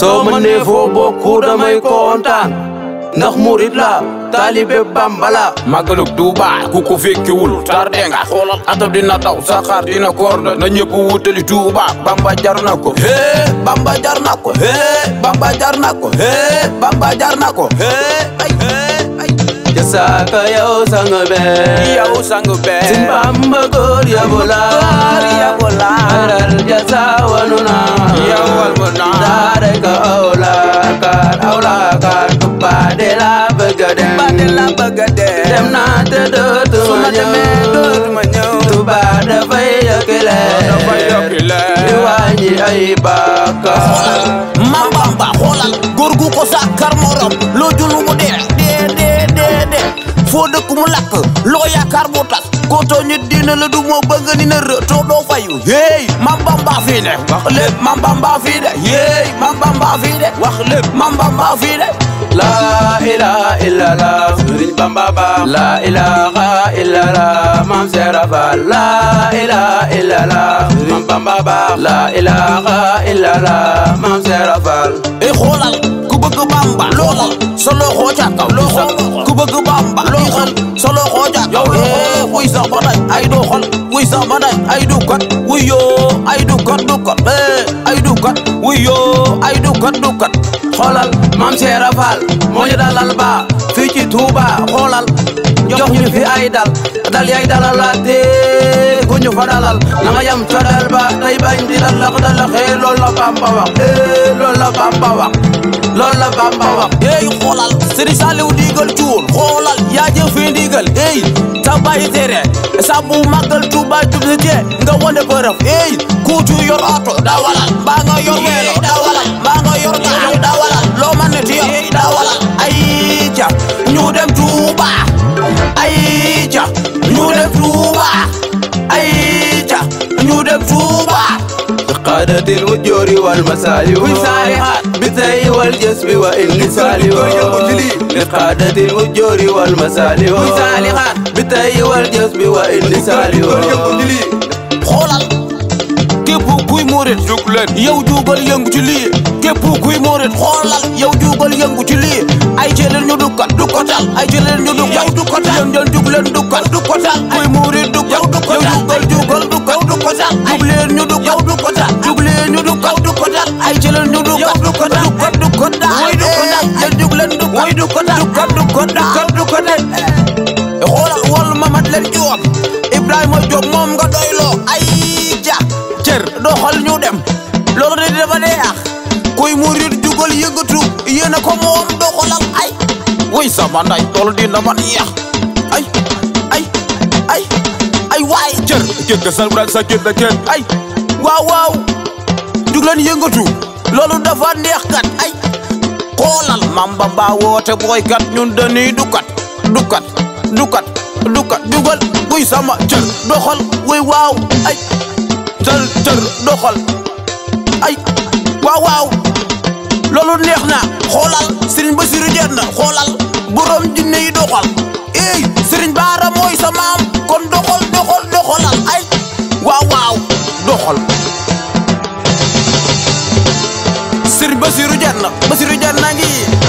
soo ma nee foo bokku damay kontaan ndax murit la taalibe Bamba la màggalug Tuuba ku ko fekkiwul xoolal atab dina daw saxaar dina korda na ñëpp wutali Tuuba Bamba jar na ko hee Bamba jar na hee Bamba jar na hee Bamba jar na hee jasaaka yow sang be yow sang be sin Bamba góor ya bola ya bola alal jasa ay bàkkaar ma bamba xoolal góor gu ko sàkkar morom mu dee dee dee dee foo dëkk mu lakk loo yaakaar mu tas ko la du moo bëgg rë too doo fayu hey mam bamba fii de wax lépp mam bamba de hey mam bamba fii de wax lépp mam bamba de لا إله إلا الله سوري بامبابا لا إله إلا الله مام سيرفا لا إله إلا الله مام بامبابا لا إله إلا الله مام سيرفا إخوال كبك بامبا لولا سلو خوشا لوخل كبك بامبا لوخل سلو خوشا يوهي ويسا مدن أيدو خل ويسا مدن أيدو كن ويو أيدو كن دو كن أيدو كن ويو أيدو كن دو كن xolal mam Seera rafal moo ñu dalal ba fi ci Touba xolal jox ñu fi ay dal dal yaay dalal dalalaate ku ñu fa dalal la nga yam ci dal ba tey bañ di dal la dal dalaxee loolu la bam ba wax eh loolu la ba wax loolu la bam ba wax ey xoolal Serigne Saliou digal cuun xolal ya jëf fi ndigal ey ta bay tere sa bu magal Touba jub si nga wone ko raf ey ku ci yor auto da walal ba nga yor mélo عادت الوجور والمسالي وصالحات بثي والجسم والنسالي لقادة الوجور والمسالي وصالحات بثي والجسم والنسالي خلال كيفو كوي مورد شكلت يو جوبل ينجو جلي كيفو كوي مورد خلال يو جوبل ينجو جلي أي جلل ندوكا دوكا تل أي جلل ندوكا يو دوكا تل يو جلل ندوكا دوكا تل mooy du ko da ay ay ay ay sa ay dafa neex ay mamba ba wote boy kat ñun dañuy dukat dukat dukat dukat dugal buy sama cër doxal way waw ay jël cër doxal ay waw waw lolu neexna na xoolal sëriñ Basiru jeex na borom jinne yi doxal ey eh, sëriñ Baara moy sama am kon doxal doxal ay waw waw doxal sëriñ Basiru jeex Basiru jeex lagi.